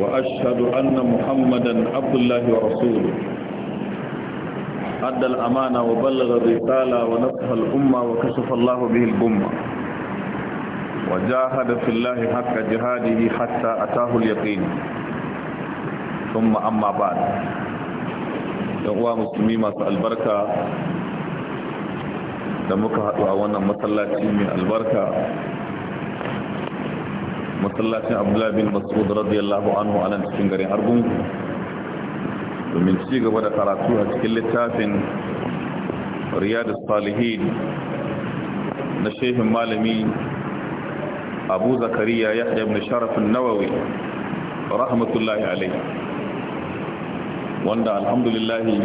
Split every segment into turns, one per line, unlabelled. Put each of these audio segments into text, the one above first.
وأشهد أن محمدا عبد الله ورسوله أدى الأمانة وبلغ الرسالة ونصح الأمة وكشف الله به الأمة وجاهد في الله حق جهاده حتى أتاه اليقين ثم أما بعد يقوى مسلمين البركة da muka haɗu a wannan masallaci mai albarka masallacin abdullahi bin masud radiyallahu anhu anan cikin garin argun domin ci gaba da karatu a cikin littafin riyadu salihin na shehin malami abu zakariya yahya ibn sharafin nawawi rahmatullahi alai wanda alhamdulillahi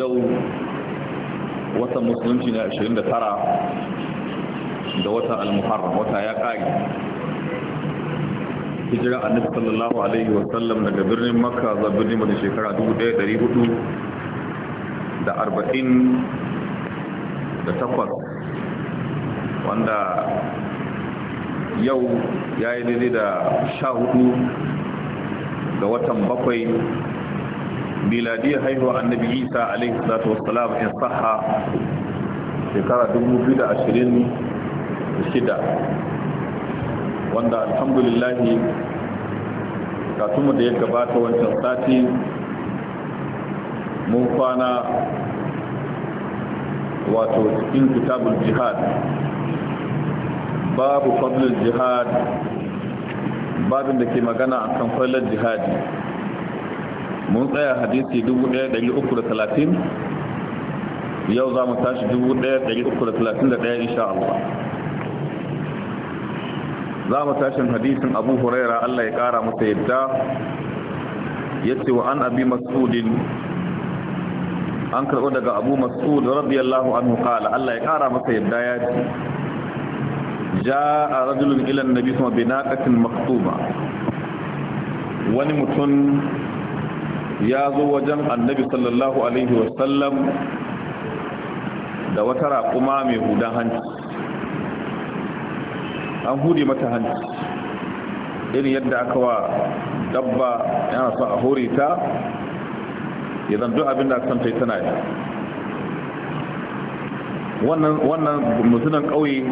yau watan musulunci na 29 da wata al wata ya kare hijira annabi sallallahu alaihi wa sallam daga birnin makka zuwa birnin madina shekara 1400 da 40 da takwas wanda yau ya yi daidai da sha hudu ga watan bakwai miladiyar haihuwa annabi isa alaihi salatu wasu salam in saha shekara 2020 shida wanda alhamdulillahi katunmu da ya gabata wancan sati mun kwana wato cikin kitabul jihad babu fadlul jihad babin da ke magana a kan kwallon jihadi mun tsaya hadisi 1330 yau za mu tashi 1331 insha Allah za mu tashin hadisin abu huraira Allah ya kara masa yadda ya ce wa an abi masudin an karɓo daga abu masud radiyallahu an kala Allah ya kara masa yadda ya ce ja a rajulun ilan nabi sama bi naƙatin maktuma wani mutum ya zo wajen annabi sallallahu alaihi wasallam da wata raƙuma mai hudan hanci an hude mata hannu irin yadda aka wa dabba yana son a hore ta ya zan duk abin da san ta tana yi wannan mutunan ƙauye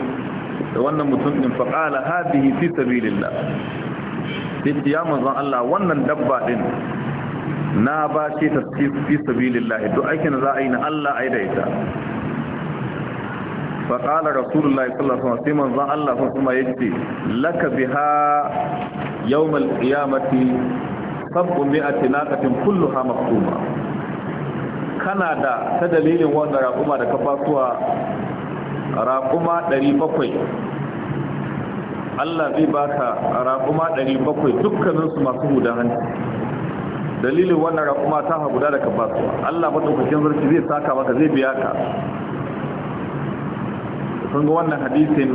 da wannan mutunin faƙala hadihi fi da. sai ya manzon Allah wannan dabba ɗin, na ba ce ta fi da. duk aikin za a yi na Allah a yi da ita fa qala rasulullahi sallallahu alaihi wasallam sai manzo Allah fa kuma yace laka biha yawm alqiyamati sab'u mi'ati naqatin kulluha maqtuma kana da ta dalilin wannan raƙuma da kafasuwa raƙuma 700 Allah zai baka raƙuma 700 dukkaninsu masu gudan hanci dalilin wannan raƙuma ta guda da ka basuwa Allah madaukakin sarki zai saka maka zai biya ka kun ga wannan hadisin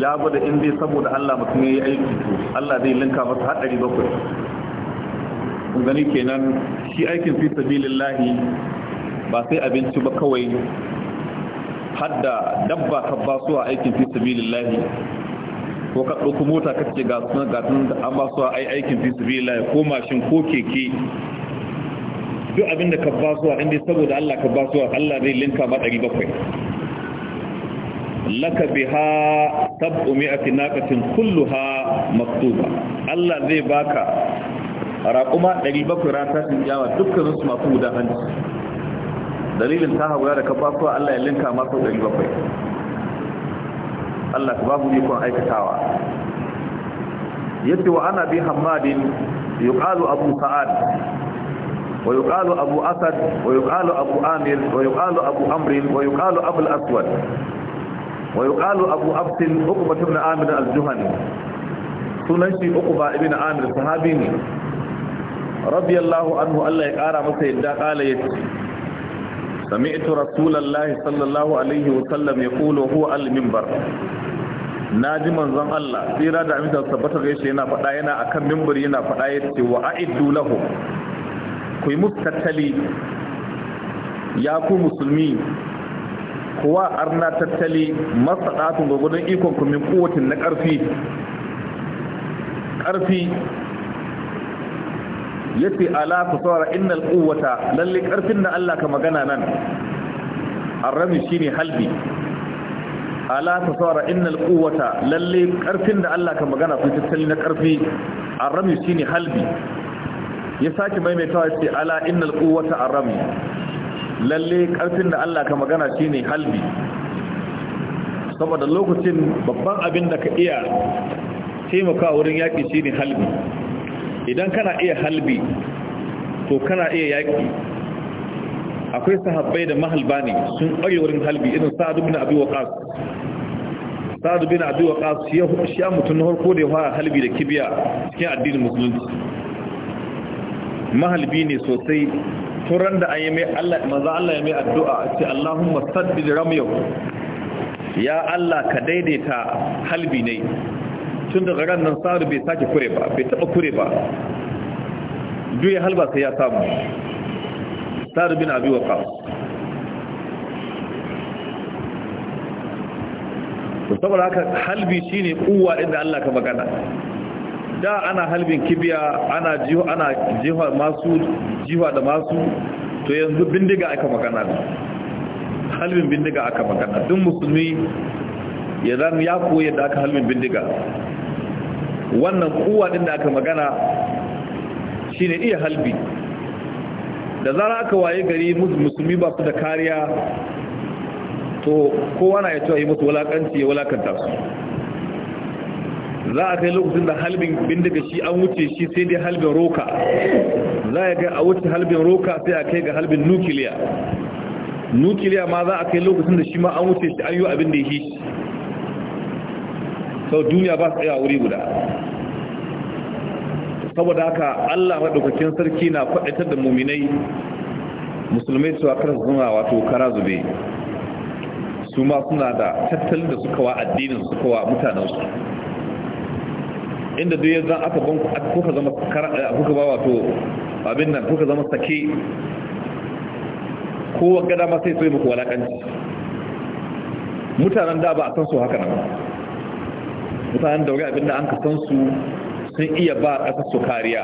ya gwada in dai saboda Allah mutum ya yi aiki to Allah zai linka masa haɗari bakwai kun gani kenan shi aikin fi sabilillahi ba sai abinci ba kawai hadda dabba ka ba su aikin fi sabilillahi ko ka ɗauki mota ka ce ga ga sun da an ba su aikin fi sabilillahi ko mashin ko keke duk abin da ka ba su a inda saboda Allah ka ba su Allah zai linka ma ɗari bakwai laka biha sab'u mi'ati naqatin kulluha maktuba Allah zai baka raquma 700 rata sun jawa dukkan su masu guda hanci dalilin ta hawa da ka Allah ya linka masu 700 Allah ka babu ikon aikatawa yace wa ana bi hammadin yuqalu abu sa'ad ويقال أبو أسد ويقال أبو آمر ويقال أبو أمر ويقال أبو الأسود ويقال أبو عبد أقبة بن عامر الجهني سنشي أقبة بن عامر صحابيني رضي الله عنه الله يقارى مسيدا قال يتي سمعت رسول الله صلى الله عليه وسلم يقول هو المنبر naji manzon Allah tsira da aminta tabbata gare shi yana faɗa yana akan mimbari yana faɗa yace wa a'iddu lahu ku yi musu tattali ya ku musulmi kuwa arna tattali masaɗatun gwagwadon ikon kumin kowacin na ƙarfi ƙarfi ya ce ala ku saura inna ƙuwata lalle ƙarfin da Allah ka magana nan arrami shi ne halbi ala ku saura inna ƙuwata lalle ƙarfin da Allah ka magana su tattali na ƙarfi arrami shi ne halbi ya sake maimaitawa ya ce ala innal ƙuwata arrami lalle karfin da Allah ka magana shine halbi saboda lokacin babban abin da ka iya taimaka wurin yaƙi shine halbi idan kana iya halbi to kana iya yaƙi akwai sahabbai da mahalba ne sun ƙware wurin halbi irin sa'adu bin abi waqas sa'adu bin abi waqas ya hushi mutun na farko da ya fara halbi da kibiya cikin addinin musulunci mahalbi ne sosai furan da an yi mai Allah maza Allah ya mai addu'a a ce Allahumma saddid ramyahu ya Allah ka daidaita halbi ne tun daga ran nan saru bai sake kure ba bai taba kure ba duk halba sai ya samu saru bin abi waqas to saboda haka halbi shine kuwa inda Allah ka magana da ana halbin kibiya ana jiha ana masu jiha da masu to yanzu bindiga aka magana halbin bindiga aka magana duk musulmi ya zan ya koyi da aka halbin bindiga wannan kuwa din da aka magana shine iya halbi da zara aka waye gari musulmi ba su da kariya to kowa na ya cewa yi musu wulakanci ya wulakanta su za a kai lokacin da halbin bindiga shi an wuce shi sai dai halbin roka za a ga a wuce halbin roka sai a kai ga halbin nukiliya nukiliya ma za a kai lokacin da shi ma an wuce shi an yi abin da ya shi sau duniya ba su a wuri guda saboda haka allah maɗaukakin sarki na faɗaitar da muminai musulmai su a kar suna wato kara zube su ma suna da tattalin da suka wa addinin suka wa mutanensu inda duk yanzu aka ban kuka zama eh, kuka ba wato abin nan kuka zama sake kowa gada ma sai so yi muku walakanci mutanen da ba a san su haka nan mutanen da wuri abin da an ka san su sun iya ba ƙasar su kariya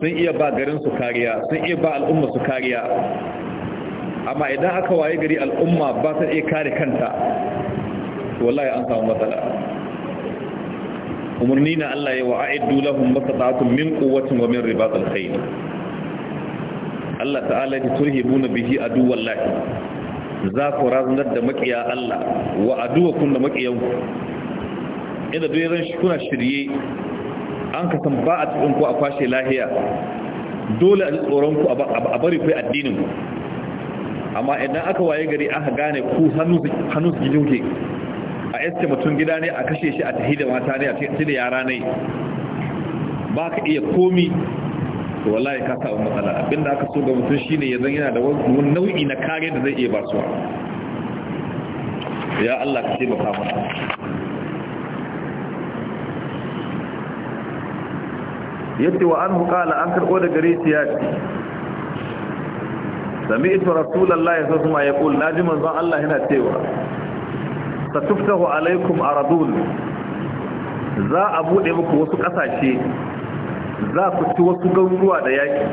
sun iya ba garin su kariya sun iya ba al'umma su kariya amma idan aka waye gari al'umma ba ta iya kare kanta wallahi an samu matsala umarni na Allah ya wa'aidu lahum maqata'atun min quwwatin wa min ribatil khayl Allah ta'ala ya turhibuna bihi wallahi za ku razanar da makiya Allah wa kun da makiyan inda duk ran shi kuna shirye an ka san ba a cikin ku a kwashe lahiya dole a ji tsoron ku a bari ku addinin ku amma idan aka waye gari aka gane ku hannu su gidan a iske mutum gida ne a kashe shi a tahi da mata ne a cikin da yara ne ba ka iya komi to wallahi ka samu matsala abinda aka so ga mutum shine yanzu yana da wani nau'i na kare da zai iya basuwa ya Allah ka ce baka mata yadda wa an hukala an karɓo da gare shi ya ce sami ita rasulallah ya sassuma ya ƙul na ji manzon Allah yana cewa satuftahu alaikum aradun za a bude muku wasu kasashe za ku ci wasu garuruwa da yaki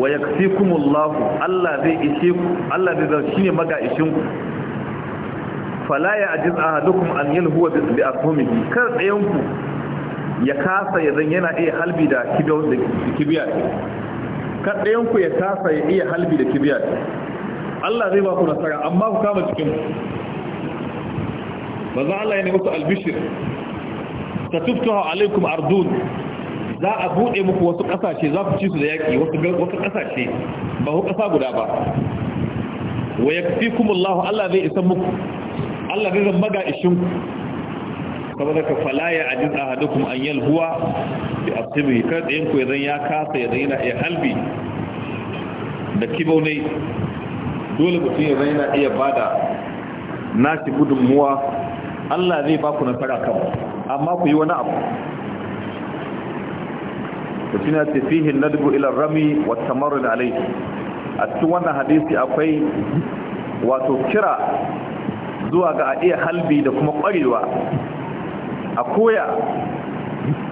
wa yakfikumullahu Allah zai ishe ku Allah zai zai shine maga ishin ku fala ya ajiz ahadukum an wa bi afhumihi kar tsayan ku ya kasa ya zan yana iya halbi da kibiya kar tsayan ku ya kasa ya iya halbi da kibiya Allah zai ba ku nasara amma ku kama cikin ku maza Allah ya nemi ku albishir tatuftuha alaikum ardun za a buɗe muku wasu ƙasashe za ku ci su da yaƙi wasu ƙasashe. ba ku ƙasa guda ba wa yakfikumullahu Allah zai isan muku Allah zai zama ga ishin ku saboda ka fala ya ajiz ahadukum an da abtibu asibi kar da yanku zan ya kasa ya yana iya halbi da kibaunai dole mutum ya yana iya bada nashi gudunmuwa Allah zai baku ku fara kan amma ku yi wani abu ta fihin na dubu ilar rami wata marar alai a cikin wannan hadisi akwai wato kira zuwa ga iya halbi da kuma kwarewa a koya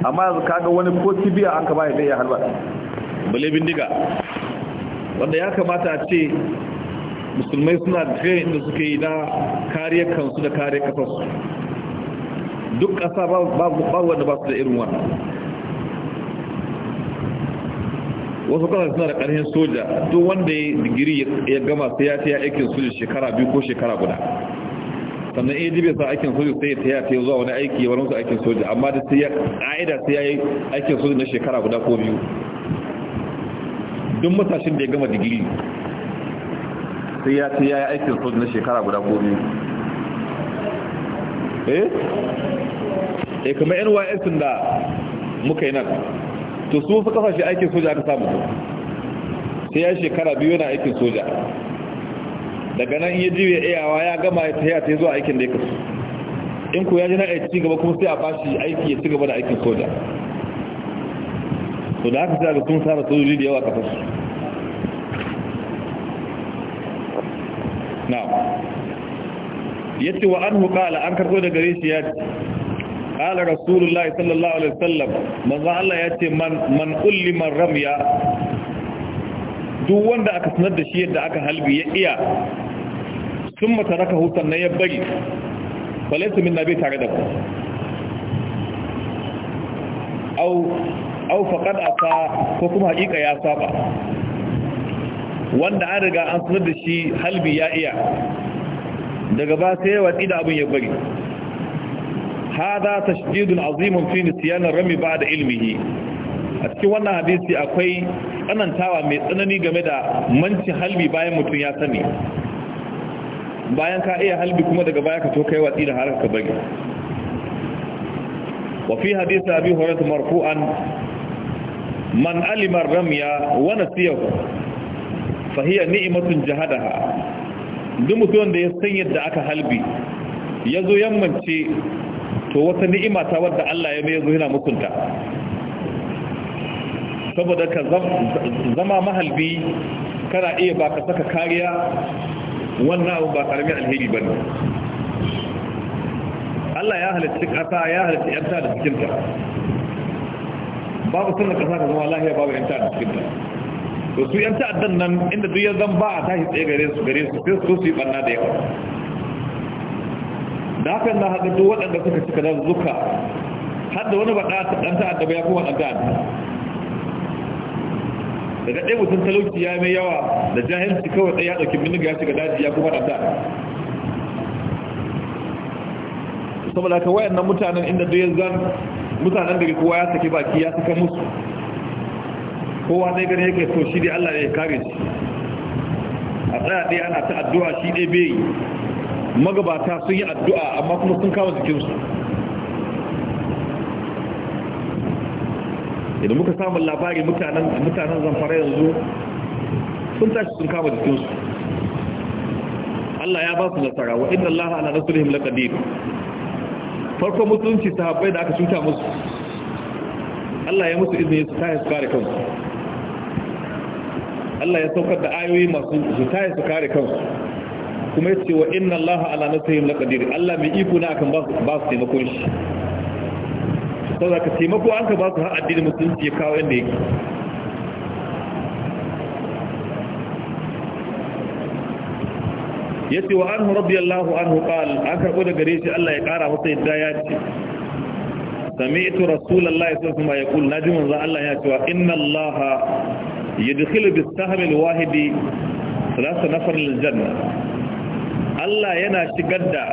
amma yanzu kaga wani ko tibiya an ka ya da iya halba bale bindiga wanda ya kamata a ce musulmai suna da training da suke yi na kariyar kansu da kariyar kafarsu duk ƙasa babu wanda ba su da irin wannan wasu ƙasar suna da ƙarfin soja duk wanda ya digiri ya gama sai ya ta ya aikin soja shekara biyu ko shekara guda sannan iya jibe sa aikin soja sai ya ta ya ta zuwa wani aiki ya waransu aikin soja amma da sai ya ƙa'ida sai ya yi aikin soja na shekara guda ko biyu duk matashin da ya gama digiri sai ya ce ya yi aikin soji na shekara guda gobe eh eh kamar nys da muka yi nan to su suka shi aikin soja aka samu sai ya shekara biyu yana aikin soja daga nan iya jiwe iyawa ya gama ya tafiya ta zuwa aikin da ya kasu in ku ya ji na aiki ci gaba kuma sai a bashi aiki ya ci gaba da aikin soja to da haka sai ga sun tsara sojoji da yawa kafa su na'am yace wa anhu qala an karbo daga gare shi ya qala rasulullahi sallallahu alaihi wasallam manzo Allah yace man man ullima ramya duk wanda aka sanar da shi yadda aka halbi ya iya sun mataraka hutan na ya bari balaisu min nabi tare da ku au au faqad ko kuma hakika ya saba wanda an riga an sanar da shi halbi ya iya daga ba sai ya watsi da abin ya bari hada tashdidun azimun fi nisyanar rami ba da ilmihi a cikin wannan hadisi akwai tsanantawa mai tsanani game da mancin halbi bayan mutum ya sani bayan ka iya halbi kuma daga baya ka to kai watsi da har ka bari وفي abi أبي marfu'an Man alimar ramiya wa nasiyahu fahiya ni'imatun jahadaha duk mutumin da ya san yadda aka halbi ya zo yammance to wata ni'ima ta wadda Allah ya mai zo yana mutunta saboda ka zama mahalbi kana iya ba ka saka kariya wannan abu ba karamin alheri ba ne Allah ya halitta ƙasa ya halitta ‘yanta da cikinta babu sannan ƙasa ta zama lahiya babu ‘yanta da cikinta to su yan ta'addan nan inda duk ya zan ba a tashi tsaye gare su gare su sai su su yi banna da yawa da haka na haka duk waɗanda suka cika da zuka har da wani ba ɗan ta'adda ba ya kuma ɗan ta'adda daga ɗaya mutum talauci ya mai yawa da jahilci kawai ɗaya ya ɗauki bindiga ya shiga daji ya kuma ɗan ta'adda saboda ka wayannan mutanen inda duk ya zan mutanen da kowa ya saki baki ya saka musu kowa ne gane yake so shi ne Allah ya kare shi a tsaya dai ana ta addu'a shi dai bai magabata sun yi addu'a amma kuma sun kawo jikinsu idan muka samun labari mutanen zamfara yanzu sun tashi sun kama jikinsu Allah ya ba su nasara wa inna Allah ala nasrihim laqadir farko mutunci sahabbai da aka cuta musu Allah ya musu izini su tashi su kare kansu Allah ya saukar da ayoyi masu jitaya su kare kansu kuma ya ce wa inna Allah ala nasihim laqadir Allah mai iko na akan ba su taimakon shi saboda ka taimako an ka ba su har addinin musulunci ya kawo inda yake Ya ce wa anhu radiyallahu anhu qal an karɓo da gare shi Allah ya kara masa yadda ya ce ya rasulullahi kuma ya wasallam Na ji za Allah ya ce wa inna allaha yudkhilu bis sahmi al-wahidi thalatha nafar lil janna Allah yana shigar da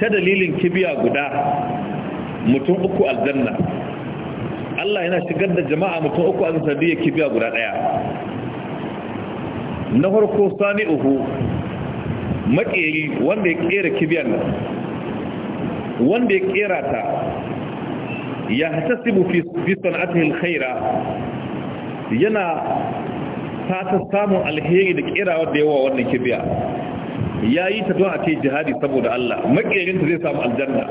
ta dalilin kibiya guda mutum uku aljanna Allah yana shigar da jama'a mutum uku a sanadiyar kibiya guda daya na farko sani uku makeri wanda ya kera kibiyar nan wanda ya kera ta ya hatasibu fi sana'atihi khaira. yana fatan samun alheri da kirawar da yawa wannan kibiya ya yi ta don a ce jihadi saboda Allah makirinta zai samu aljanna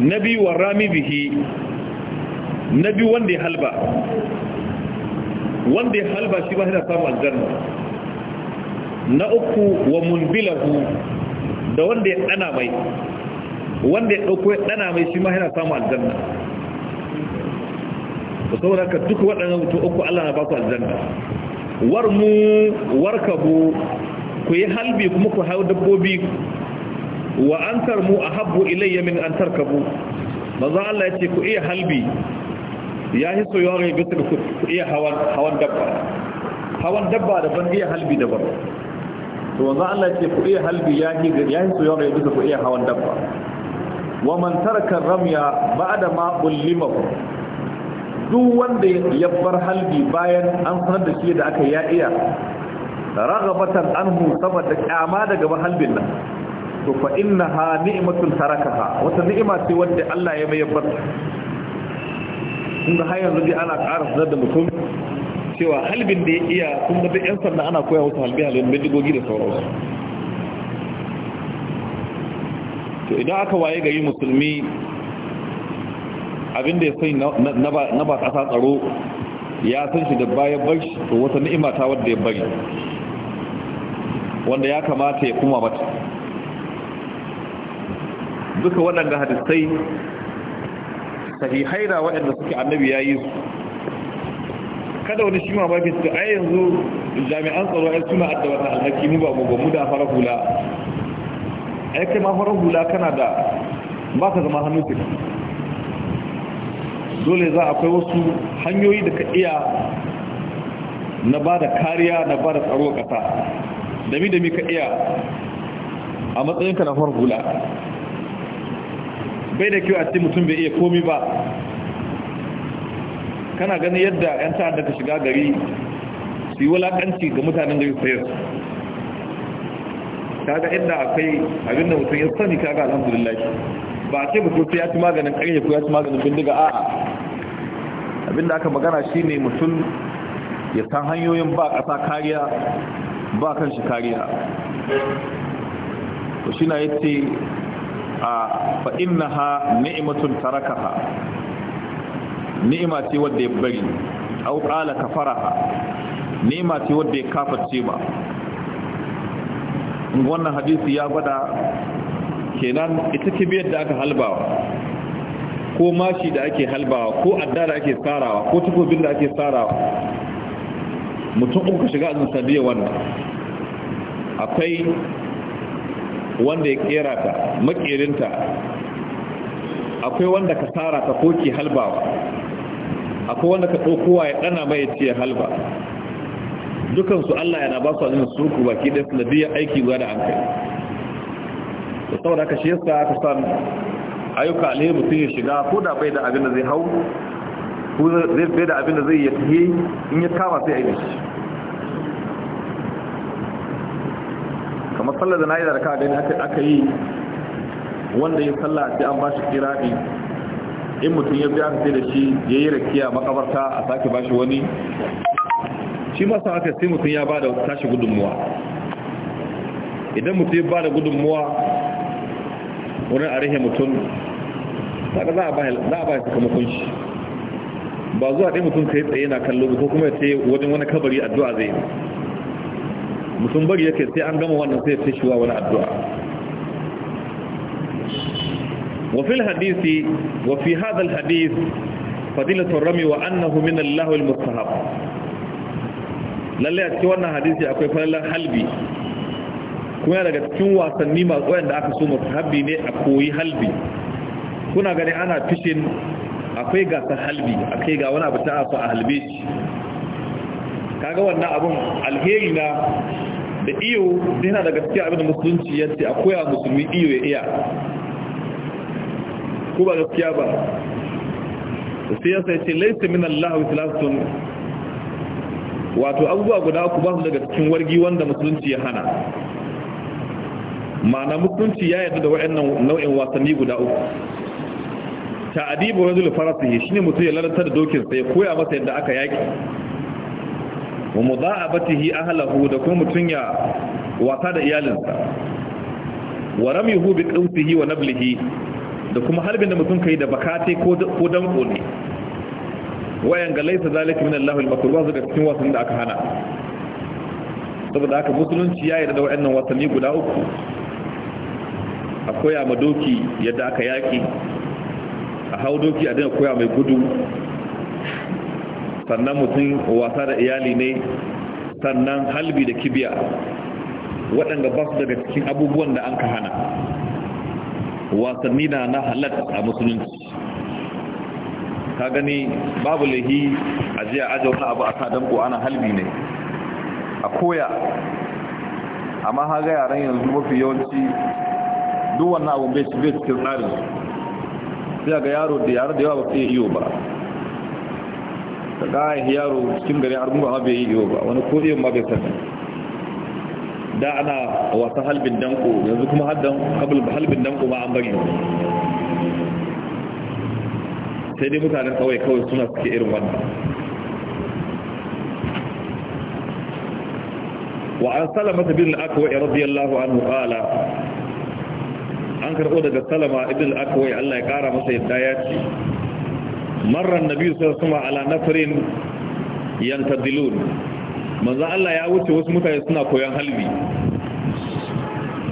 na biyu wa rami bihi na biyu wanda ya halba wanda ya halba shi ba shi na samu aljanna na uku wa mulbilahu da wanda ya dana mai wanda ya dauko ya dana mai shi ma yana samu aljanna to saboda ka duk waɗannan mutum uku Allah na ba ku aljanna war mu warkabu ku yi halbi kuma ku hau dabbobi wa an tarmu a habbu ilayya min an tarkabu manzo Allah ya ce ku iya halbi ya yi soyuwa ga bisa ku iya hawan dabba hawan dabba daban iya halbi daban to manzo Allah ya ce ku iya halbi ya yi ya yi soyuwa ga bisa ku iya hawan dabba wa man taraka ramya ba'da ma ullimahu duk wanda ya bar halbi bayan an sanar da shi da aka ya iya ragabatan anhu saboda kyama daga halbin nan to fa innaha ni'matun tarakaha wata ni'ima ce wanda Allah ya mayar barta kun ga har yanzu dai ana ƙara sanar da mutum cewa halbin da ya iya kun ga duk sanda ana koya wasu halbi halin bindigogi da sauransu to idan aka waye gari musulmi abin da ya sai na ba ƙasa tsaro ya san shi da baya bai shi to wata ni'ima ta wadda ya bari wanda ya kamata ya kuma mata duka waɗanda hadisai sahihai da waɗanda suke annabi ya yi su kada wani shi mamaki su a yanzu jami'an tsaro ya suna adda wannan alhaki mu ba mu ba mu da fara hula ai kai ma fara hula kana da ba ka zama hannu ce dole za akwai wasu hanyoyi da ka iya na ba da kariya na ba da tsaro mi da mi ka iya a matsayinka na hula. bai da kyau a ce mutum bai iya komi ba kana gani yadda 'yan ta'adda ka shiga gari su yi wulakanci ga mutanen gari sayar kaga inda akwai abin da mutum ya sani kaga alhamdulillah ba a ce mutum sai ya ci maganin ƙarye ko ya ci maganin bindiga a'a abinda aka magana shine mutum ya san hanyoyin ba kasa kariya ba kan shi kariya to shi na yace a fa innaha ni'matun tarakaha ni'ima ce wanda ya bari au qala kafaraha ni'ima ce wanda ya kaface ba wannan hadisi ya gwada kenan ita kibiyar da aka halbawa ko mashi da ake halbawa ko adda da ake tsarawa ko takobin da ake tsarawa mutum uku ka shiga azun sanadiyar wannan akwai wanda ya kera ta makirinta akwai wanda ka tsara ta ko ke halbawa akwai wanda ka tsokowa ya ɗana mai ce halba dukansu Allah yana ba su azun surku baki ɗaya sanadiyar aiki guda da an kai saboda ka shi yasa ka san ayyuka ne mutum ya shiga ko da bai da abin da zai hau ko zai bai da abin da zai yi in ya kama sai a shi kamar sallar da na'ida da ka gani aka yi wanda ya salla sai an ba shi kirabi in mutum ya biya sai da shi ya yi rakiya makabarta a sake ba shi wani shi masu haka sai mutum ya ba da tashi gudunmuwa idan mutum ya ba da gudunmuwa wurin a rahe mutum kaga za a ba za a ba shi kuma kunshi ba zuwa dai mutum kai tsaye na kallo ko kuma sai wajen wani kabari addu'a zai mutum bari yake sai an gama wannan sai ya tashi wa wani addu'a wa fil hadisi wa fi hadha al hadith fadilatu rami wa annahu min Allah al mustahab lalle a cikin wannan hadisi akwai falalar halbi kuma daga cikin wasanni masu da aka so mustahabi ne a koyi halbi kuna gani ana fishin akwai gasar halbi akwai ga wani abu ta afa a halbe shi kaga wannan abun alheri na da iyo da yana da gaskiya abin da musulunci ya ce a musulmi iyo ya iya ko ba gaskiya ba da sai yasa ya ce laisa min Allah wa tilasun wato abubuwa guda ku ba su daga cikin wargi wanda musulunci ya hana ma'ana musulunci ya yadda da wa'annan nau'in wasanni guda uku ta'adibu rajul farasihi shine mutum ya ladanta da dokin sa ya koya masa yadda aka yaki wa mudha'abatihi ahlihi da kuma mutum ya wasa da iyalinsa wa ramihu bi qawtihi wa nablihi da kuma harbin da mutum kai da bakate ko ko danko ne wayan ga laysa zalika min Allah al-makruh daga cikin wasan da aka hana saboda haka musulunci ya yarda da wayannan wasanni guda uku akwai amadoki yadda aka yaki a hau doki a dina koya mai gudu sannan mutum wasa da iyali ne sannan halbi da kibiya waɗanda ba su daga cikin abubuwan da an ka hana wasanni na na halatta a musulunci ka gani babu lahi a jiya ajiye wani abu a sadan ko ana halbi ne a koya amma haga yaran yanzu mafi yawanci duk wannan abu bai cikin tsarin sai ga yaro da yaro da yawa ba su iya iyo ba ka ɗaya yaro cikin garin argungu ma bai yi iyo ba wani ko iyo ma bai sani da ana wasa halbin danko yanzu kuma halbin danko ma an bari sai dai mutanen kawai kawai suna suke irin wannan wa an salama ta bin al'akawa radiyallahu anhu qala an karɓo daga salama ibn al-akwai Allah ya ƙara masa yadda ya ce marar nabi sassuma ala nafirin yantadilun manzan Allah ya wuce wasu mutane suna koyon halbi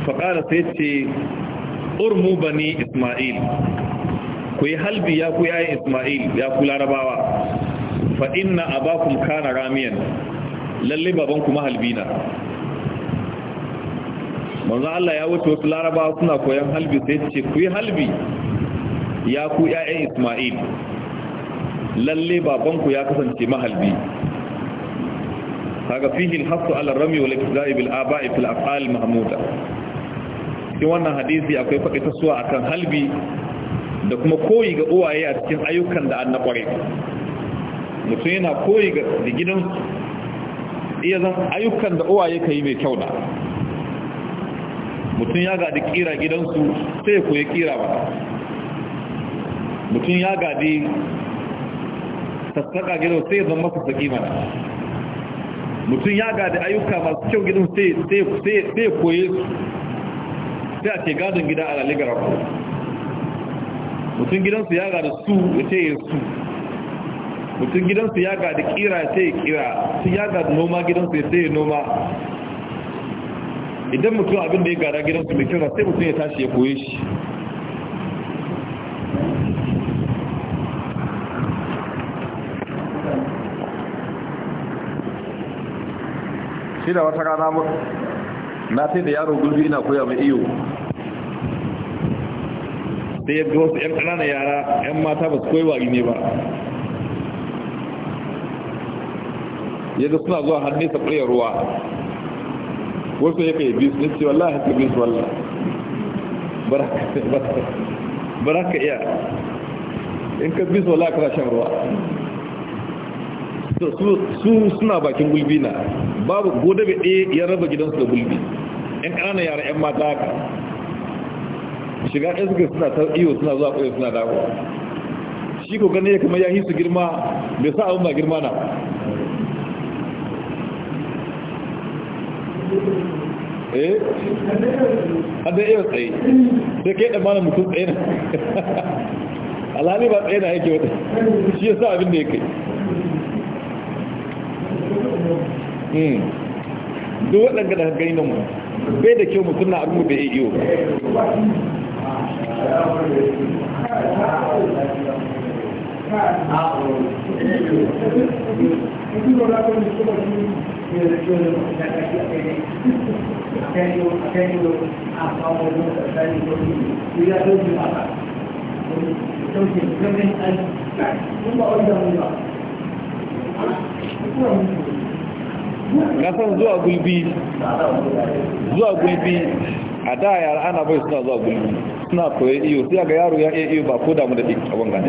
faƙara sai ce urmu bani ismail ku yi halbi ya ku yayin ismail ya ku larabawa fa inna abakum kana ramiyan lalle babanku na. manzo Allah ya wuce wasu laraba suna koyan halbi sai ce ku yi halbi ya ku ya'yan Isma'il lalle babanku ya kasance mahalbi kaga fihi al-hasu ala rami wal ikzai bil aba'i fil af'al mahmuda cikin wannan hadisi akwai faɗi tasuwa akan halbi da kuma koyi ga uwaye a cikin ayyukan da an na kware mutum yana koyi ga gidan iya zan ayyukan da uwaye ka yi mai kyau da mutum ya gadi kira gidansu sai ya koyi kira ba mutum ya gadi sassaƙa gidan sai ya zama sassaƙi mana mutum ya gadi ayyuka masu kyau gidan sai ya koye su sai a ce gadon gida a laligar ku mutum gidansu ya gadi su ya ce ya su mutum gidansu ya gadi kira ya ce ya kira su ya gadi noma gidansu ya ce ya noma idan mutum abin da ya gara gidansu mai kyau sai mutum ya tashi ya koye shi shi da wata rana na sai da yaro gulbi ina koya mai iyo sai ya wasu 'yan ƙananan yara 'yan mata ba su koyi ne ba yadda suna zuwa hannun sa ruwa wasu ya kai bisu nisi ce wallahi haka bisu wallah baraka iya in ka bisu wallah kana shan ruwa su suna bakin gulbi na babu gode bai ɗaya ya raba gidansu da gulbi yan ƙananan yara yan mata haka shiga ɗaya suka suna ta iyo suna zuwa ƙoyo suna dawo shi ko gani ya kama ya hisu girma bai sa abin ba girma na eh an da iya tsaye da ke ɗan malam mutum tsaye na alhali ba tsaye na yake wata shi ya sa abin da ya kai hmm. duk waɗanda da gani na mu bai da kyau mutum na abin da ya iyo ba yo san zuwa gulbi zuwa gulbi a da yara ana bai suna zuwa gulbi suna koyi iyo sai ga yaro ya iya iyo ba ko damu da ɗin abin gane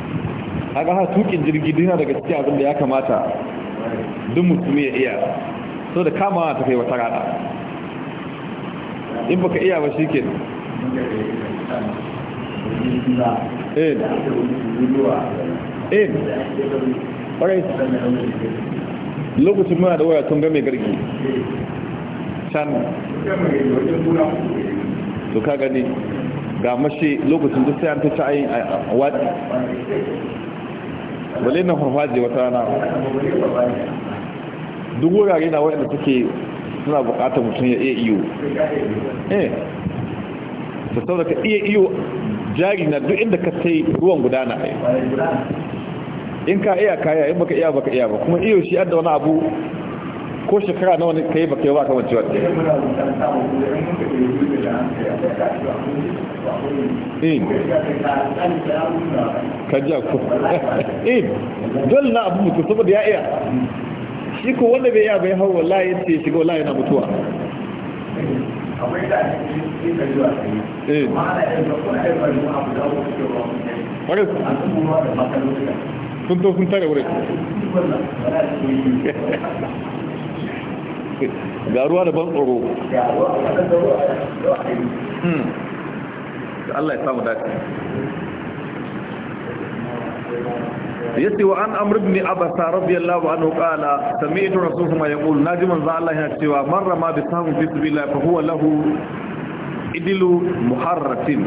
haka ha tukin jirgi dina daga cikin abin da ya kamata duk musulmi ya iya so da kama ta kai wata rana in baka iya ba shi ke eh. eh. lokacin muna da waya tun game garki can to ka gani ga mashi lokacin duk sai an ta ci a wadda bale na farfaje wata rana duk wurare na wadanda suke suna buƙatar mutum ya iya iyo eh ta sau da ka iya iyo jari na duk inda ka sai ruwan gudana in ka iya kaya in baka iya baka iya ba kuma iyo shi adda wani abu ko shekara nawa ne kai baka yi ba kamar ciwon in kajja ku in dole na abu mutu saboda ya iya shi ko wanda bai iya bai hau wallahi ya ce shiga wallahi yana mutuwa akwai da ne sun tare wurin ga ruwa da ban tsoro hmm. Allah ya samu dace yace wa an amr ibn abasa radiyallahu anhu qala sami'tu rasulullah yaqul najiman za Allah yana cewa marra ma bi sahum fi sabilillah fa huwa lahu idlu muharratin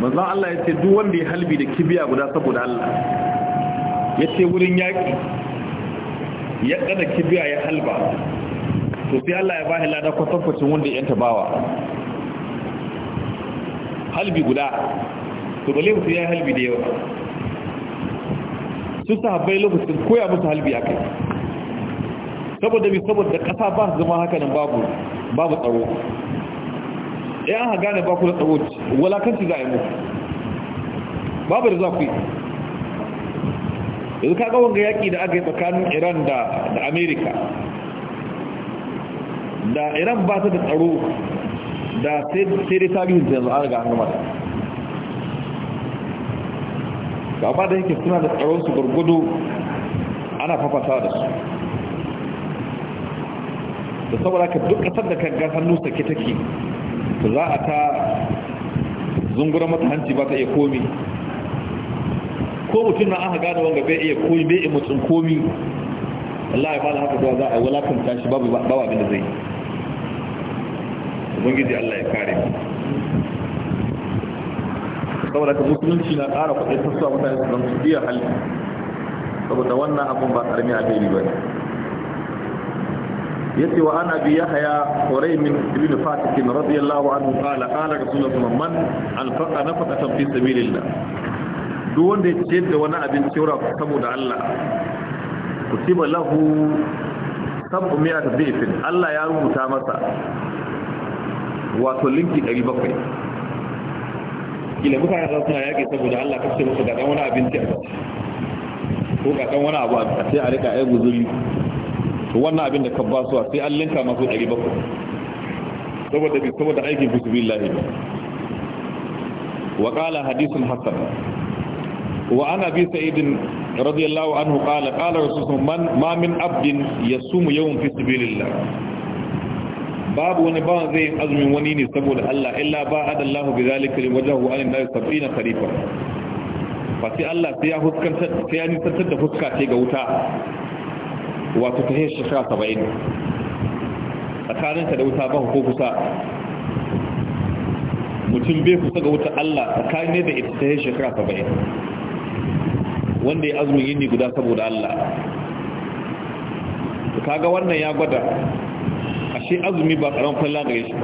manzo Allah yace duk wanda ya halbi da kibiya guda saboda Allah yace wurin yaki ya kada kibiya ya halba to sai Allah ya bahi lada kwatankwacin wanda ya tabawa halbi guda to bale mutum ya halbi da yawa su sahabbai lokacin koya musu halbi akai saboda bi saboda kasa ba su zama haka nan babu babu tsaro ya an ha gane ba ku da tsaro walakanci za a yi muku babu da za ku yi yanzu kaga wanga yaki da aka yi tsakanin iran da amerika da iran ba ta da tsaro da sai dai tarihin da yanzu an ga an gama da ba ba da yake suna da tsaron su gurgudu ana fafata da su da saboda ka duk kasar da kan nusa ke take za a ta zungura mata hanci ba ta iya komi ko mutum na aka gane wanga bai iya koyi bai iya mutum komi Allah ya fara haka zuwa za a yi walakanta shi babu babu abin da zai ubangiji Allah ya kare saboda ka musulunci na ƙara kuɗi ta suwa mutane su zama a hali saboda wannan abun ba ƙarami a gari ba ne yace wa ana bi yahya min ibn fatih radiyallahu anhu qala qala rasulullah man anfaqa nafaqatan fi sabilillah duk wanda ya ce da wani abin cewa saboda Allah kutiba lahu sabu mi'a da zaifin Allah ya rubuta masa wato linki 700 kila mutane zafi suna yaƙi saboda Allah kashe musu ga ɗan wani abinci a ko ga wani abu a sai a rika ya guzuri wannan abin da ka ba su sai an linka masu 700 saboda bi saboda aikin fi sabilillah wa qala hadithun hasan وعن أبي سعيد رضي الله عنه قال قال رسول الله من ما من عبد يصوم يوم في سبيل الله باب ونبان زي أزم ونيني سبول الله إلا باعد الله بذلك لوجهه عن النار سبعين خليفة فسي الله سيأخذ كان سيأني تنتد فسكا تيغوتا وتتهي الشكرا سبعين ta da wuta ba ko kusa mutum bai kusa ga wuta Allah tsakanin da ita ta hesh shafa saba'in wanda ya azumin yini guda saboda Allah kaga wannan ya gwada ashe azumi ba karamin falla ya shi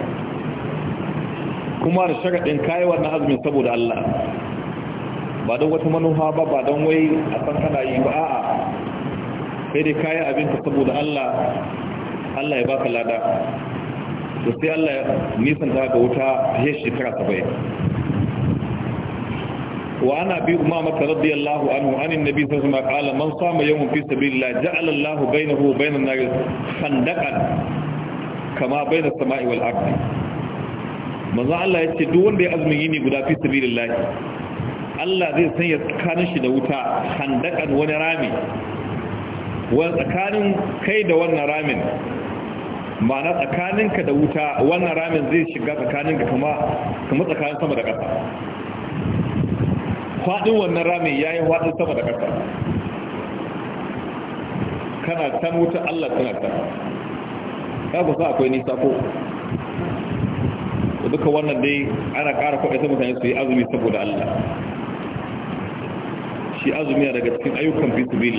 kuma da shagadin kayi wannan azumin saboda Allah ba don wata manufa ba ba don wai a san kana yi ba a'a sai dai kayi abin ka saboda Allah Allah ya baka lada to sai Allah nisan ta ga wuta ya shekara 70 وعن أبي أمامة رضي الله عنه عن النبي صلى الله عليه وسلم قال من صام يوم في سبيل الله جعل الله بينه وبين النار خندقا كما بين السماء والأرض manzo Allah ya ce duk wanda ya azumin yini guda fi sabilillah Allah zai sanya tsakanin shi da wuta handakan wani rami wani tsakanin kai da wannan ramin ma'ana tsakaninka da wuta wannan ramin zai shiga tsakaninka kama kuma tsakanin sama da ƙasa faɗin wannan ramin ya yi waɗin sama da ƙasa kana ta mutu Allah tana ta ya kusa akwai nisa ko da duka wannan dai ana ƙara ta mutane su yi azumi saboda Allah shi azumi daga cikin ayyukan fi su biyu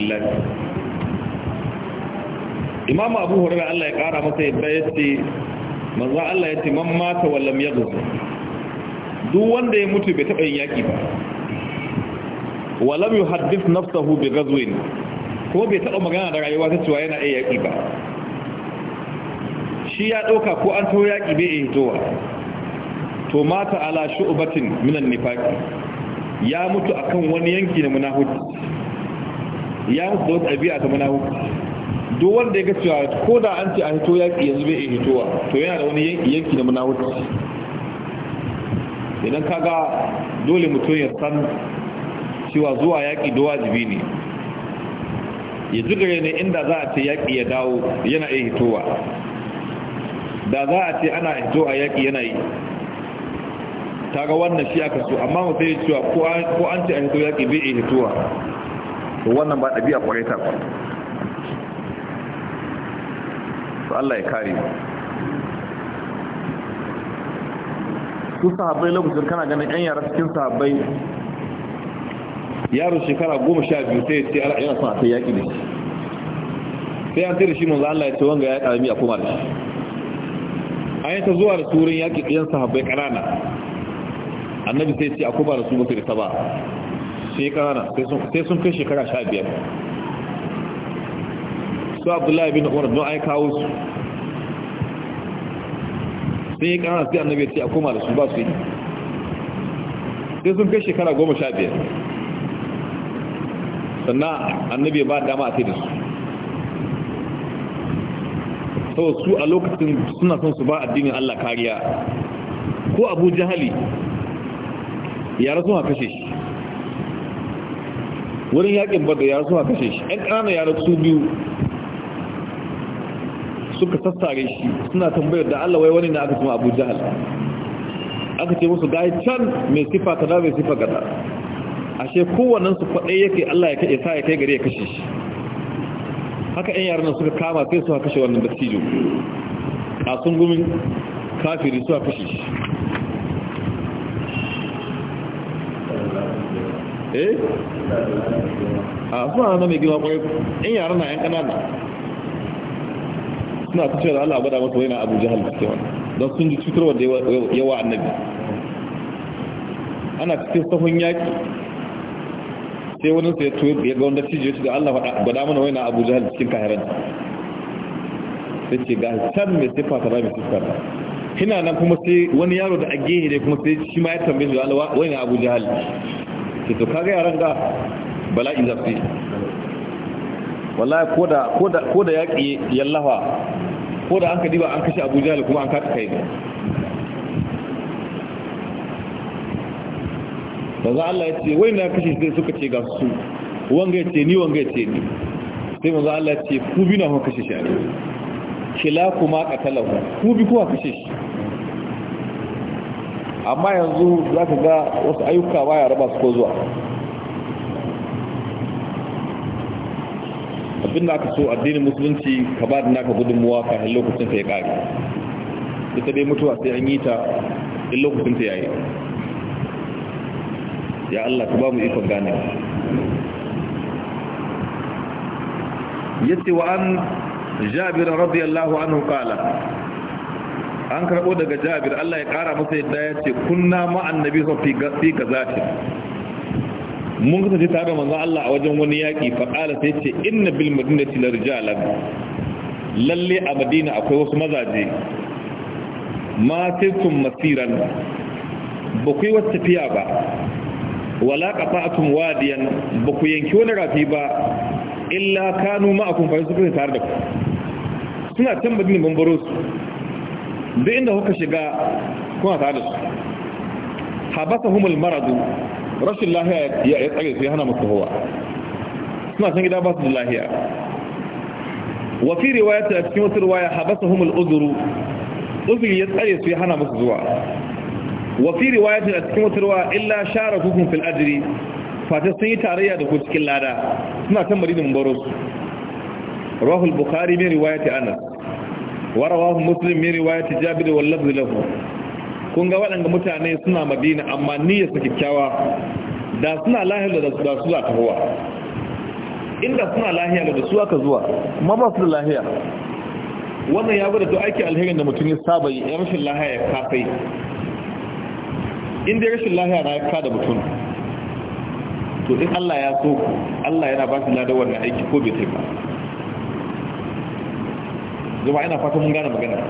imam abu hurara Allah ya ƙara masa yadda ya ce manzan Allah ya ce man mata wallam ya duk wanda ya mutu bai taɓa yin yaƙi ba walam yuhaddith nafsahu bi ghazwin ko bai taɓa magana da rayuwa ta cewa yana iya yaƙi ba shi ya ɗauka ko an taho yaƙi bai iya hitowa to mata ala shu'batin minan nifaki ya mutu akan wani yanki na munafiqi ya mutu da wata ɗabi'a ta munafiqi duk wanda ya ga cewa ko da an ce a hito yaƙi yanzu bai iya hitowa to yana da wani yanki na munafiqi idan kaga dole mutum ya san cewa zuwa yaƙi da wajibi ne ya jigare ne inda za a ce yaƙi ya dawo yana iya hitowa da za a ce ana hito a yaƙi yana yi ta ga wannan shi aka so amma mutum yi cewa ko an ce a hito yaƙi bai iya hitowa to wannan ba ɗabi'a kwarai ta ba su Allah ya kare su sahabbai lokacin kana ganin 'yan yara cikin sahabbai yaro shekara goma sha biyu sai ce ala yana son a sai yaƙi da shi sai an tare shi manzo Allah ya ce wanga ya ƙarami a koma da shi an yi ta zuwa da turin yaƙi ɗiyan sahabbai ƙanana annabi sai ce a koma da su mutu da ta ba sai ƙanana sai sun kai shekara sha biyar su abdullahi bin umar don ai kawo su sai ya ƙanana sai annabi ya ce a koma da su ba su yi sai sun kai shekara goma sha biyar sannan annabi ba dama a sai da su sau su a lokacin suna son su ba addinin Allah kariya ko abu jahali rasu suna kashe shi wurin yakin bada rasu suna kashe shi ‘yan ƙananan ya rasu biyu suka sassare shi suna tambayar da Allah wai wani na aka suna abu jahal aka ce musu gaya can mai sifa kada mai sifa kada ashe kowannen su kwaɗai yake Allah ya kai sa ya kai gare ya kashe shi haka ɗan yaran suka kama sai suka kashe wannan dattijo a sun gumin kafiri suka kashe shi eh a suna hana mai gina kwaye ɗan yaran na yan ƙanana suna ta cewa da Allah gwada masa wani abu jihar da kewa don sun ji cutarwa da yawa annabi ana cikin sahun yaƙi sai wani sai to ya ga wanda cije shi da Allah gwada mana wani Abu Jahal cikin kahiran sai ce ga san me sifa ta ba me sifa ta hina nan kuma sai wani yaro da a gehe ne kuma sai shi ma ya tambaye shi da Allah wani Abu Jahal sai to kaga yaran ga bala'i zafi wallahi koda koda koda yaki yallafa koda an ka diba an kashe Abu Jahal kuma an ka kai maza Allah ya ce wai na kashe sai suka ce ga su wanga ya ce ni wanga ya ce ni sai maza Allah ya ce ku bi na kuma kashe shi ne kila kuma katalahu ku bi kuwa kashe shi amma yanzu za ka ga wasu ayyuka baya raba su ko zuwa abin da aka so addinin musulunci ka ba da naka gudunmuwa kafin lokacin ta ya kare ita dai mutuwa sai an yi ta in lokacin ta yayi ya Allah ka ba mu ikon gane yace wa an jabir radiyallahu anhu kala. an karbo daga jabir Allah ya kara masa yadda yace kunna ma annabi sa fi kaza ce mun kasance tare da manzo Allah a wajen wani yaki fa kala sai yace inna bil madinati larijalan lalle a madina akwai wasu mazaje ma tirtum masiran ba ku yi wata tafiya ba wala qata'tum wadiyan ba ku yanki wani rafi ba illa kanu ma'akum fa suka tare da ku suna tambayin badin baro su duk inda kuka shiga kuna tare da su habasahumul maradu rashin lahiya ya tsare su ya hana musu hawa suna san gida ba su da lahiya wa fi riwayata cikin wata riwaya humul uzuru uzuri ya tsare su ya hana musu zuwa wa fi riwayatin a cikin wata ruwa illa shara hukun fil ajri fata sun yi tarayya da ku cikin lada suna kan madina mubarak rahul bukhari mai riwayati anas wa rawahu muslim mai riwayati jabir wal lafz lahu kun ga waɗanda mutane suna madina amma niyya su kyakkyawa da suna lahiyar da su da su za ta huwa inda suna lahiya da su aka zuwa kuma ba su da lahiya wannan ya bada to aiki alherin da mutum ya saba yi ya rashin lahiya ya kafai in dai rashin lahiya na ya kada mutum to in Allah ya so Allah yana ba su ladar wannan aiki ko bai taimaka. ba zama ina fata mun gane magana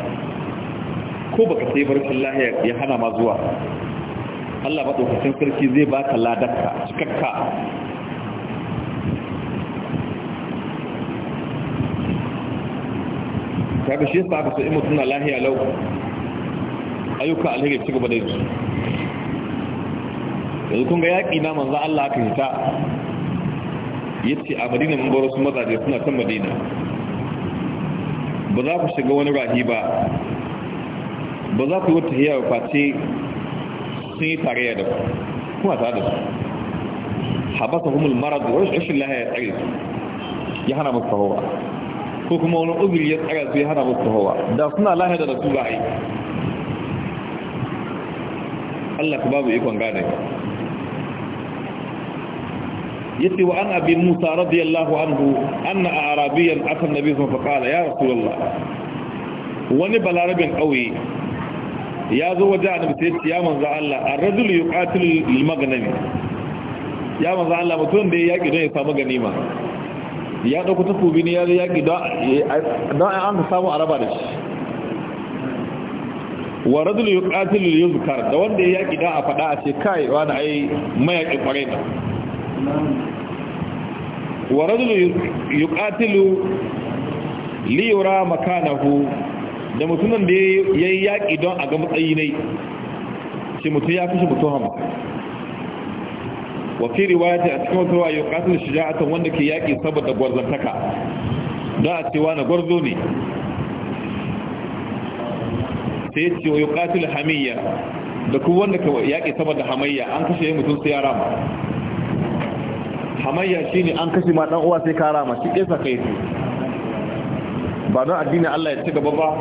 ko baka sai barkin lahiya ya hana ma zuwa Allah ba ɗaukacin sarki zai baka ladarka cikakka kaga shi yasa ka so in mutum na lahiya lau ayyuka alheri ci gaba da yi yanzu kun ga yaƙi na manzan Allah aka hita ya ce a madina mun baro su mazaje suna san madina ba za ku shiga wani rahi ba ba za ku yi wata hiyar face sun yi tarayya da ku kuma ta da su habasa humul mara da rashin lahiya ya tsare su ya hana musu hawa ko kuma wani uzuri ya tsare su ya hana musu hawa da suna lahaya da su ba a yi Allah ku babu ikon gane yace wa an abi musa radiyallahu anhu anna arabiyan atan nabi fa kala ya rasulullah wani balarabin kauye ya zo waje annabi sai ya manzo Allah ar-rajulu yuqatilu al-maghnami ya manzo Allah mutum da ya yaki don ya samu ganima ya dauko takobi ne ya zo yaki don don an samu araba da shi wa rajulu yuqatilu yuzkar da wanda ya yaki da a fada a ce kai wani ai mayakin kwarai da wa rajulu yuqatilu li da mutumin da yayi yaki don a ga matsayi ne shi mutum ya kashe mutum hamsin wa fi riwayati a cikin wata yuqatilu shija'atan wanda ke yaƙi saboda gwarzantaka don a cewa na gwarzo ne sai ya ce wa yuqatilu hamiyya da kuma wanda ke yaki saboda hamayya an kashe mutum su yara ma. hamayya ne an kashe ma ɗan uwa sai kara ma shi kesa kai su ba don addini Allah ya ci gaba ba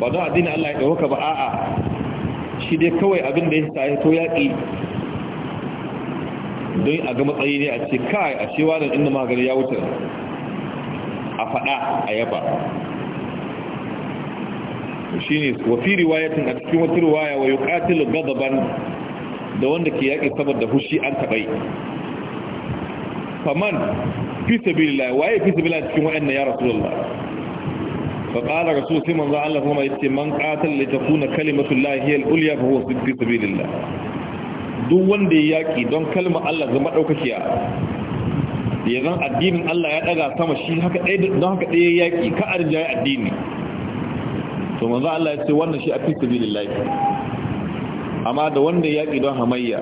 ba don addini Allah ya ɗauka ba a'a shi dai kawai abin da ya sa ya to yaƙi don a ga matsayi ne a ce kai a cewa da inda magani ya wuce a faɗa a yaba shi ne wafi riwayatin a cikin wata riwaya wa yi ƙatilu gadaban da wanda ke yaƙi saboda hushi an taɓai faman fi sabilillah waye fi sabilillah cikin waɗannan ya rasulullah fa qala rasul sai manzo Allah kuma yace man qatal li takuna kalimatullahi hiya al-ulya fa huwa fi sabilillah duk wanda ya yaki don kalma Allah zama madaukakiya ya zan addinin Allah ya daga sama shi haka ɗaya don haka ya yaki ka arjaye addini to manzo Allah ya ce wannan shi a fi sabilillah amma da wanda ya yaki don hamayya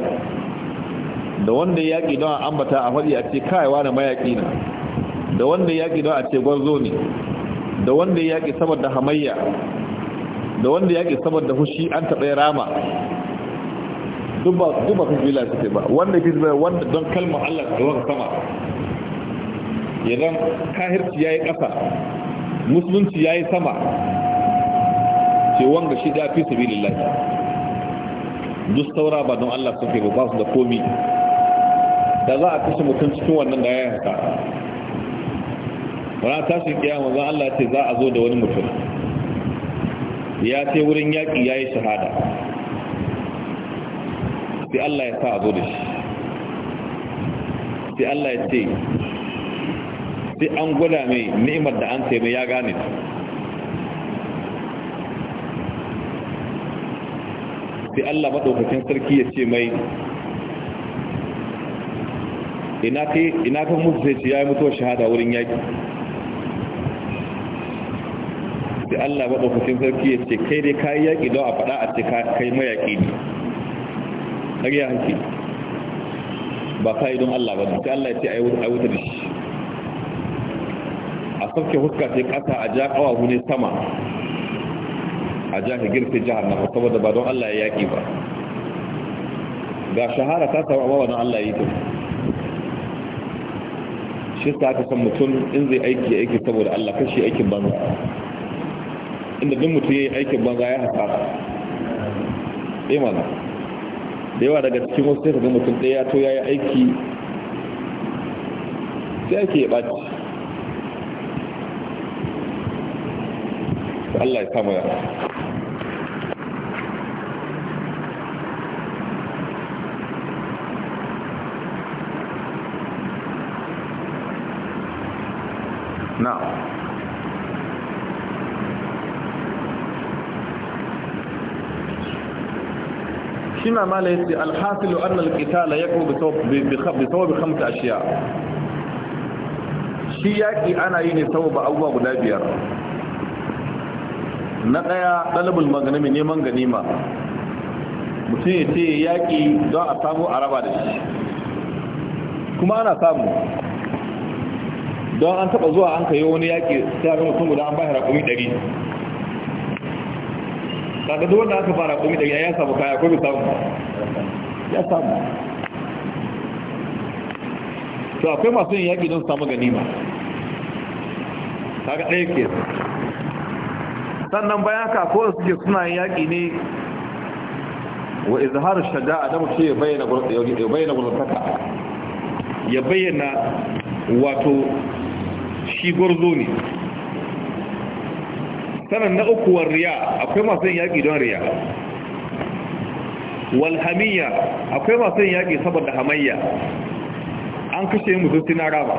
da wanda ya yaƙi don a ambata a faɗi a ce kayawa na mayaƙi na da wanda ya yaƙi don a ce gwarzo ne da wanda ya yaƙi saboda hamayya da wanda ya yaƙi saboda hushi an taɓa rama duba duba kafila suke ba wanda ke zuwa wanda don kalmar Allah da wanda sama idan kahirci ya yi ƙasa musulunci ya yi sama ce wanga shi da fi sabilillah duk saura ba don Allah suke ba ba su da komi da za a kashe mutum cikin wannan da ya haka wani tashin kiyama za Allah ce za a zo da wani mutum ya ce wurin yaƙi ya yi shahada sai Allah ya sa a zo da shi sai Allah ya ce sai an gwada mai ni'imar da an taimai ya gane sai Allah maɗaukacin sarki ya ce mai ina kan mutu sai ya mutu shahada wurin yaki sai Allah ba ɓafafin sarki ya ce kai dai kayi yaki don a faɗa a ce kai mayaki ne yi hanki ba kai don Allah ba sai Allah ya ce yi wuta da shi a sauke huska sai kasa a ja kawahu ne sama a ja girfe na saboda ba don Allah ya yaki ba ga shahara ta sauwa abuwa wani Allah ya yi tafi shi ta aka san mutum in zai aiki aiki saboda Allah kashi aikin banza inda duk mutum ya yi aikin banza ya hasara ɗai eh mana da yawa daga cikin wasu sai ka ga mutum ɗaya to ya yi aiki sai ake ya ɓaci Allah ya samu ya yasa mala yace alhasilu anna alqitala yakun bi sabab khamsa ashiya shi yaki ana yi ne saboda abubuwa guda biyar na daya dalabul magnami neman ganima mutum ya ce yaƙi don a samu araba da shi kuma ana samu don an taɓa zuwa an kayo wani yaƙi sai a mutum guda an bahira ƙumi ɗari kaga duk wanda aka fara komai da ya samu kaya ko bai samu ya samu to akwai masu yin yaƙi don samu ganima kaga ɗaya ke sannan bayan haka ko su suna yin yaƙi ne wa izhar shaja'a da mutum ya bayyana ya bayyana gurbataka ya bayyana wato shi gurzo ne sanan na uku war riya akwai masu yin yaƙi don riya Walhamiya akwai masu yin yaƙi saboda hamayya an kashe mutum sai na rama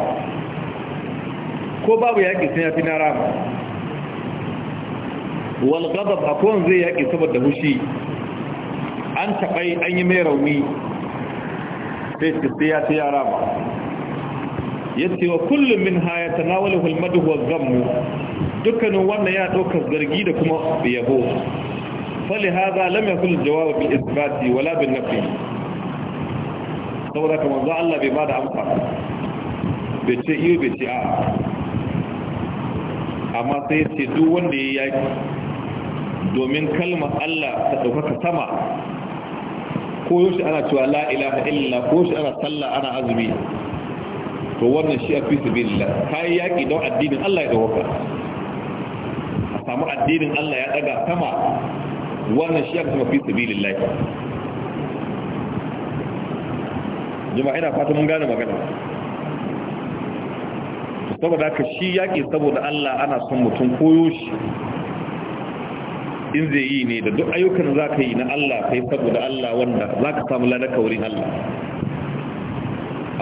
ko babu yaƙi sai ya na rama wal gadab akwai zai yaƙi saboda hushi an taɓai an yi mai rauni sai sai ya sai ya rama yace wa kullum min haya na al madhu wa dhammu dukkanin wannan ya ɗaukar zargi da kuma yabo fali haza lam yakul jawab bil isbati wala bin nafi saboda kuma za Allah bai bada amsa bai ce iyo bai ce a amma sai ya ce duk wanda ya yaki domin kalma Allah ta ɗaukaka sama ko yaushe ana cewa la ilaha illa ko yaushe ana sallah ana azumi to wannan shi a fi su sabilillah kai yaƙi don addinin Allah ya ɗaukaka samu addinin Allah ya daga sama wannan shi ya kuma fi sabilillah jama'a ina fata mun gane magana saboda haka shi yaƙi saboda Allah ana son mutum koyo shi in zai yi ne da duk ayyukan za ka yi na Allah kai saboda Allah wanda za ka samu ladaka wurin Allah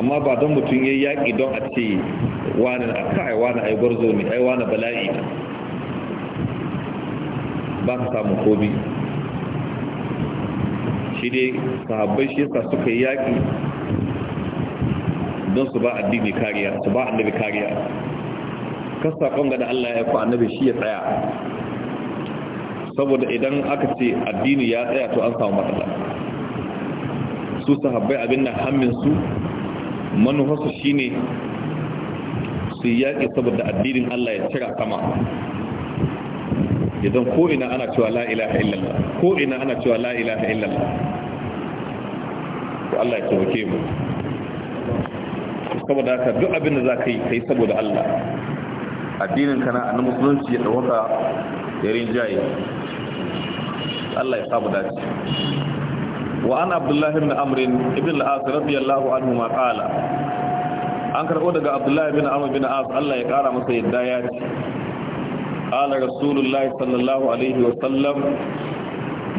amma ba don mutum ya yaƙi don a ce wani a kai wani ai gwarzo ne ai wani bala'i ne ba ka samun komi shi dai sahabbai shi yasa suka yi yaƙi don su ba addini kariya su ba annabi kariya kasa saƙon da Allah ya ku annabi shi ya tsaya saboda idan aka ce addini ya tsaya to an samu matsala su sahabbai abin da hammin su manufarsu ne su yi yaƙi saboda addinin Allah ya cira sama idan ko ina ana cewa la ilaha illallah ko ina ana cewa la ilaha illallah to Allah ya taimake mu saboda haka duk abin da za ka yi kai saboda Allah addinin ka na annabi musulunci ya dauka ya rinjaye Allah ya samu dace wa an abdullah ibn amr ibn al-as radiyallahu anhu ma qala an karbo daga abdullah ibn amr ibn al-as Allah ya kara masa yadda ya ce قال رسول الله صلى الله عليه وسلم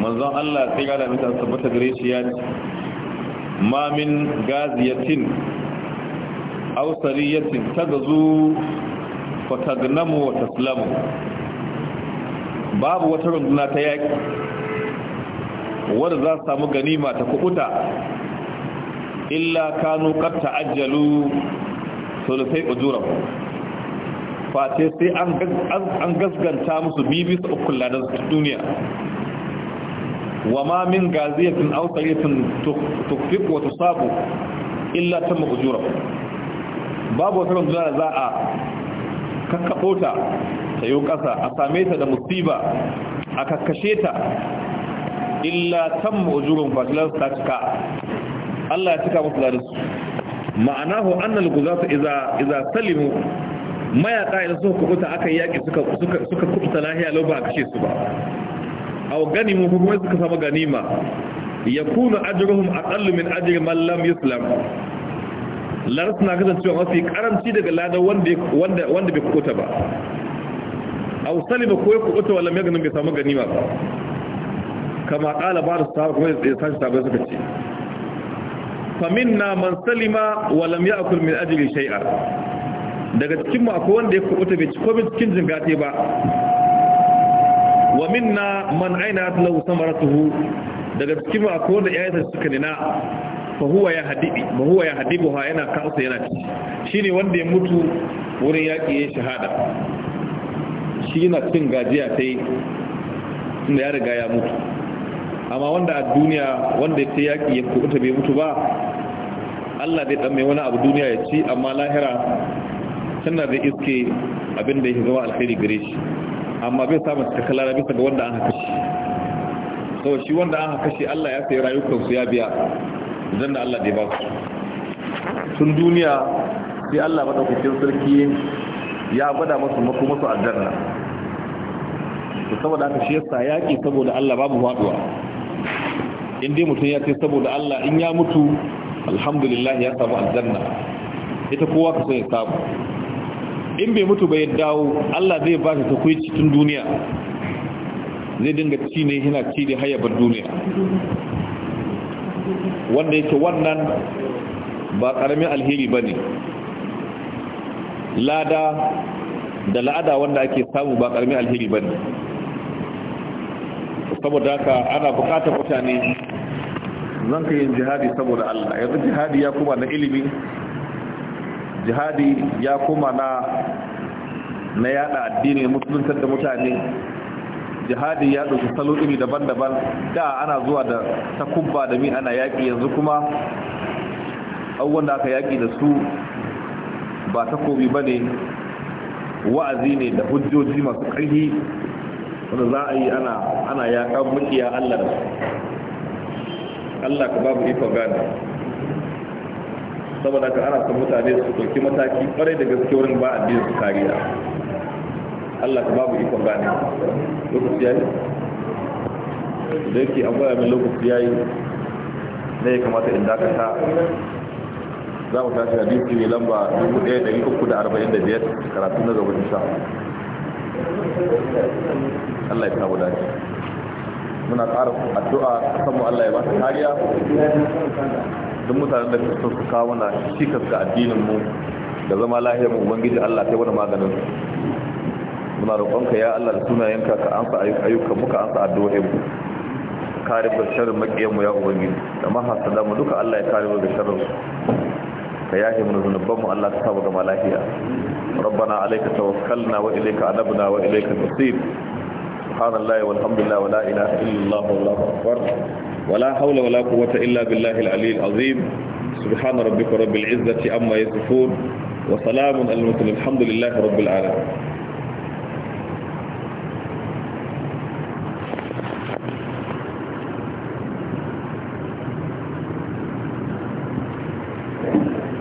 من ظن الله تعالى من ثبت غريشيات ما من غازية أو سرية تغزو فتغنم وتسلم باب وترندنا تياك wadda za su samu ganima ta kubuta illa kanu kar ta'ajjalu sulusai ujuran fate sai an gasganta musu bibis ukun ladar duniya wa ma min gaziyatin aw qariyatin tukfiq wa tusabu illa tamma ujura babu wata rundunar za a kakkabo ta ta yi ƙasa a same ta da musiba a kakkashe ta illa tamma ujurun fatilar ta cika Allah ya cika musu da su ma'anahu annal guzatu iza idza salimu mayaka idan suka kubuta aka yi yaƙi suka kubuta lahiya lau ba a kashe su ba a gani mu kuma suka samu ganima ya kuna ajiyarhum a tsallu min ajiyar mallam islam laras na kasancewa mafi karamci daga ladar wanda bai kubuta ba a wasali ba ko kubuta wallan ya ganin bai samu ganima ba kama ƙala ba da sahabu kuma ya sashi sabai suka ce famin na man salima wallan ya akul min ajiyar shai'a daga cikin mu akwai wanda ya kubuta bai ko bai cikin gati ba wa minna man aina lahu samaratuhu daga cikin mu akwai wanda yayin suka nina fa huwa ya hadibi ma huwa ya hadibu ha yana kansa yana ci shine wanda ya mutu wurin yaki ya shahada shi yana cin gajiya sai inda ya riga ya mutu amma wanda a duniya wanda ya ce yaki ya kubuta bai mutu ba Allah zai dan mai wani abu duniya ya ci amma lahira tana da iske abinda ya zama alkhairi gare shi amma bai samun ta kalara bisa ga wanda an haka shi sau shi wanda an haka shi allah ya sayi rayukansu ya biya zan da allah da ya ba su tun duniya sai allah maɗaukakin sarki ya gwada masu mako masu aljanna to saboda haka shi yasa yaƙi saboda allah babu haɗuwa in dai mutum ya ce saboda allah in ya mutu alhamdulillah ya samu aljanna ita kowa ka so ya samu in bai mutu bai dawo Allah zai ba shi takwaici tun duniya zai dinga ci ne yana ci da hayabar duniya wanda yake wannan ba karamin alheri ba ne lada da la'ada wanda ake samu ba karamin alheri ba ne saboda haka ana bukatar mutane zan ka yin jihadi saboda Allah yanzu jihadi ya kuma na ilimi jihadi ya koma na na yada addini musuluntar da mutane jihadi ya dauki salo iri daban-daban da ana zuwa da takubba da mi ana yaƙi yanzu kuma abubuwan da aka yaki da su ba takobi ba ne wa'azi ne da hujjoji masu ƙarfi wanda za a yi ana yaƙan mukiya allah da su allah ka babu ikon gane saboda ka ana son mutane su ɗauki mataki kwarai da gaske wurin ba addinin su kariya Allah ka babu ikon gane lokaci yayi da yake an gwada min lokaci yayi ne ya kamata in dakata za mu tashi hadisi mai lamba 1345 karatu na gaba nisa Allah ya kawo dace muna ƙara addu'a kan mu Allah ya ba ta kariya duk mutanen da suka su kawo na cikas ga addinin mu da zama lahiyar mu ubangiji Allah sai wani maganin muna roƙonka ya Allah da sunayenka ka ansa ayyukan muka ansa addu'o'in mu kare da sharrin makiyan mu ya ubangiji da mahasada mu duka Allah ya kare mu da sharrin su ka yahe mu zunuban mu Allah ta sa mu gama lafiya rabbana alayka tawakkalna na ilayka anabna wa ilayka nusib subhanallahi walhamdulillah wa la ilaha illa allah wallahu ولا حول ولا قوة إلا بالله العلي العظيم سبحان ربك رب العزة عما يصفون وسلام على المرسلين الحمد لله رب العالمين